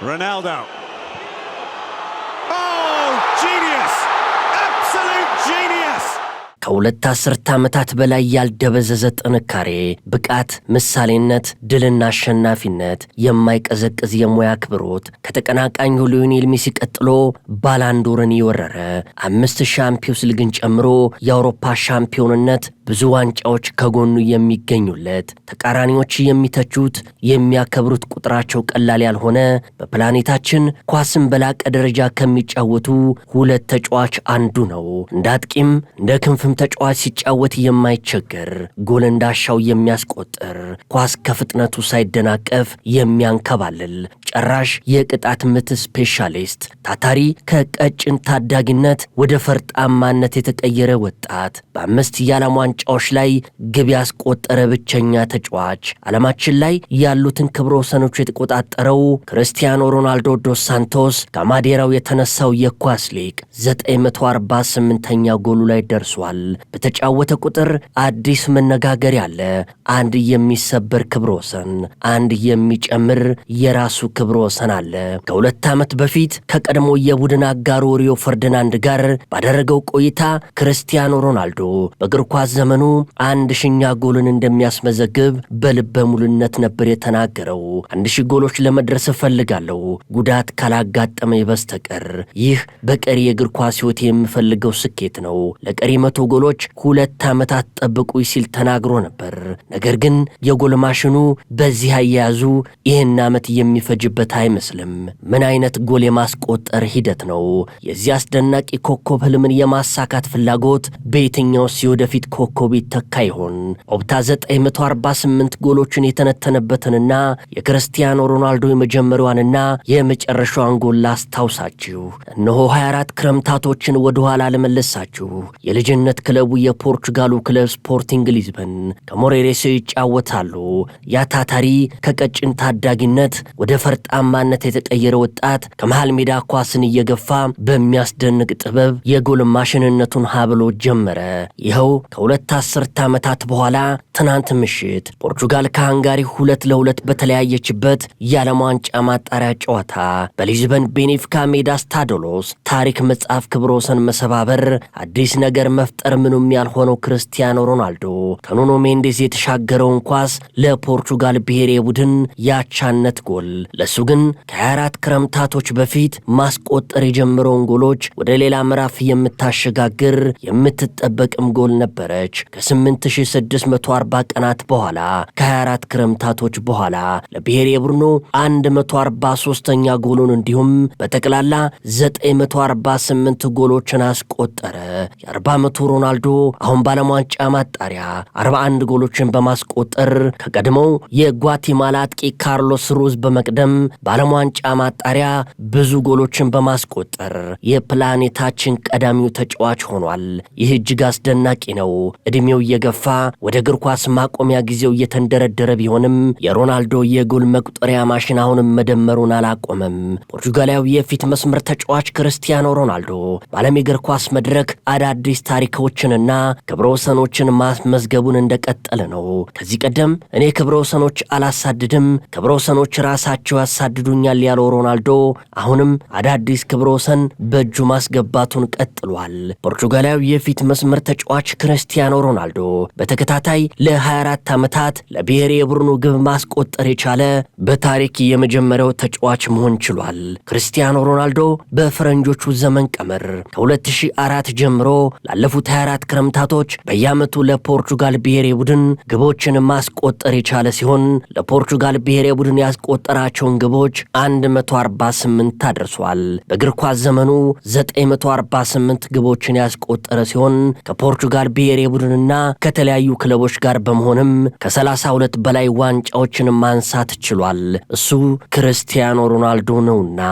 Ronaldo. ከሁለት አስርት ዓመታት በላይ ያልደበዘዘ ጥንካሬ፣ ብቃት፣ ምሳሌነት፣ ድልና አሸናፊነት፣ የማይቀዘቅዝ የሙያ ክብሮት ከተቀናቃኝ ሊዮኔል ሜሲ ቀጥሎ ባላንዶርን የወረረ አምስት ሻምፒዮንስ ሊግን ጨምሮ የአውሮፓ ሻምፒዮንነት ብዙ ዋንጫዎች ከጎኑ የሚገኙለት ተቃራኒዎች የሚተቹት የሚያከብሩት ቁጥራቸው ቀላል ያልሆነ በፕላኔታችን ኳስን በላቀ ደረጃ ከሚጫወቱ ሁለት ተጫዋች አንዱ ነው። እንደ አጥቂም እንደ ክንፍም ተጫዋች ሲጫወት የማይቸገር ጎል እንዳሻው የሚያስቆጥር ኳስ ከፍጥነቱ ሳይደናቀፍ የሚያንከባልል ጠራሽ የቅጣት ምት ስፔሻሊስት ታታሪ ከቀጭን ታዳጊነት ወደ ፈርጣማነት የተቀየረ ወጣት በአምስት የዓለም ዋንጫዎች ላይ ግብ ያስቆጠረ ብቸኛ ተጫዋች ዓለማችን ላይ ያሉትን ክብረ ወሰኖች የተቆጣጠረው ክርስቲያኖ ሮናልዶ ዶስ ሳንቶስ ከማዴራው የተነሳው የኳስ ሊቅ 948ኛ ጎሉ ላይ ደርሷል። በተጫወተ ቁጥር አዲስ መነጋገር ያለ አንድ የሚሰበር ክብረ ወሰን፣ አንድ የሚጨምር የራሱ ክብረ አብሮ ሰናለ ከሁለት ዓመት በፊት ከቀድሞ የቡድን አጋሩ ሪዮ ፈርዲናንድ ጋር ባደረገው ቆይታ ክርስቲያኖ ሮናልዶ በእግር ኳስ ዘመኑ አንድ ሽኛ ጎልን እንደሚያስመዘግብ በልበ ሙሉነት ነበር የተናገረው። አንድ ሺህ ጎሎች ለመድረስ እፈልጋለሁ ጉዳት ካላጋጠመኝ በስተቀር ይህ በቀሪ የእግር ኳስ ህይወት የምፈልገው ስኬት ነው። ለቀሪ መቶ ጎሎች ሁለት ዓመታት ጠብቁኝ ሲል ተናግሮ ነበር። ነገር ግን የጎል ማሽኑ በዚህ አያያዙ ይህን ዓመት የሚፈጅ የሚፈጅበት አይመስልም። ምን አይነት ጎል የማስቆጠር ሂደት ነው! የዚህ አስደናቂ ኮከብ ህልምን የማሳካት ፍላጎት በየትኛው የወደፊት ኮከብ ይተካ ይሆን? ኦብታ 948 ጎሎችን የተነተነበትንና የክርስቲያኖ ሮናልዶ የመጀመሪያዋንና የመጨረሻዋን ጎል ላስታውሳችሁ። እነሆ 24 ክረምታቶችን ወደኋላ ለመለሳችሁ የልጅነት ክለቡ የፖርቹጋሉ ክለብ ስፖርቲንግ ሊዝበን ከሞሬሬሴ ይጫወታሉ። ያ ታታሪ ከቀጭን ታዳጊነት ወደ ፈር ወርቃማነት የተቀየረ ወጣት ከመሃል ሜዳ ኳስን እየገፋ በሚያስደንቅ ጥበብ የጎል ማሽንነቱን ሀብሎ ጀመረ። ይኸው ከሁለት አስርት ዓመታት በኋላ ትናንት ምሽት ፖርቹጋል ከሃንጋሪ ሁለት ለሁለት በተለያየችበት የዓለም ዋንጫ ማጣሪያ ጨዋታ በሊዝበን ቤኔፊካ ሜዳ ስታዶሎስ ታሪክ መጽሐፍ ክብረ ወሰን መሰባበር አዲስ ነገር መፍጠር ምኑም ያልሆነው ክርስቲያኖ ሮናልዶ ከኑኖ ሜንዴዝ የተሻገረውን ኳስ ለፖርቹጋል ብሔራዊ ቡድን ያቻነት ጎል እሱ ግን ከ24 ክረምታቶች በፊት ማስቆጠር የጀመረውን ጎሎች ወደ ሌላ ምዕራፍ የምታሸጋግር የምትጠበቅም ጎል ነበረች። ከ8640 ቀናት በኋላ ከ24 ክረምታቶች በኋላ ለብሔራዊ ቡድኑ 143ኛ ጎሉን እንዲሁም በጠቅላላ 948 ጎሎችን አስቆጠረ። የ40 ዓመቱ ሮናልዶ አሁን በዓለም ዋንጫ ማጣሪያ 41 ጎሎችን በማስቆጠር ከቀድሞው የጓቲማላ አጥቂ ካርሎስ ሩዝ በመቅደም በዓለም ዋንጫ ማጣሪያ ብዙ ጎሎችን በማስቆጠር የፕላኔታችን ቀዳሚው ተጫዋች ሆኗል። ይህ እጅግ አስደናቂ ነው። ዕድሜው እየገፋ ወደ እግር ኳስ ማቆሚያ ጊዜው እየተንደረደረ ቢሆንም የሮናልዶ የጎል መቁጠሪያ ማሽን አሁንም መደመሩን አላቆመም። ፖርቹጋላዊ የፊት መስመር ተጫዋች ክርስቲያኖ ሮናልዶ በዓለም የእግር ኳስ መድረክ አዳዲስ ታሪኮችንና ክብረ ወሰኖችን ማስመዝገቡን እንደቀጠለ ነው። ከዚህ ቀደም እኔ ክብረ ወሰኖች አላሳድድም፣ ክብረ ወሰኖች ራሳቸው ያሳድዱኛል ያለው ሮናልዶ አሁንም አዳዲስ ክብረ ወሰን በእጁ ማስገባቱን ቀጥሏል። ፖርቹጋላዊ የፊት መስመር ተጫዋች ክርስቲያኖ ሮናልዶ በተከታታይ ለ24 ዓመታት ለብሔራዊ ቡድኑ ግብ ማስቆጠር የቻለ በታሪክ የመጀመሪያው ተጫዋች መሆን ችሏል። ክርስቲያኖ ሮናልዶ በፈረንጆቹ ዘመን ቀመር ከ2004 ጀምሮ ላለፉት 24 ክረምታቶች በየዓመቱ ለፖርቹጋል ብሔራዊ ቡድን ግቦችን ማስቆጠር የቻለ ሲሆን ለፖርቹጋል ብሔራዊ ቡድን ያስቆጠራቸውን ግቦች 148 አድርሷል። በእግር ኳስ ዘመኑ 948 ግቦችን ያስቆጠረ ሲሆን ከፖርቹጋል ብሔራዊ ቡድንና ከተለያዩ ክለቦች ጋር በመሆንም ከ32 በላይ ዋንጫዎችን ማንሳት ችሏል። እሱ ክርስቲያኖ ሮናልዶ ነውና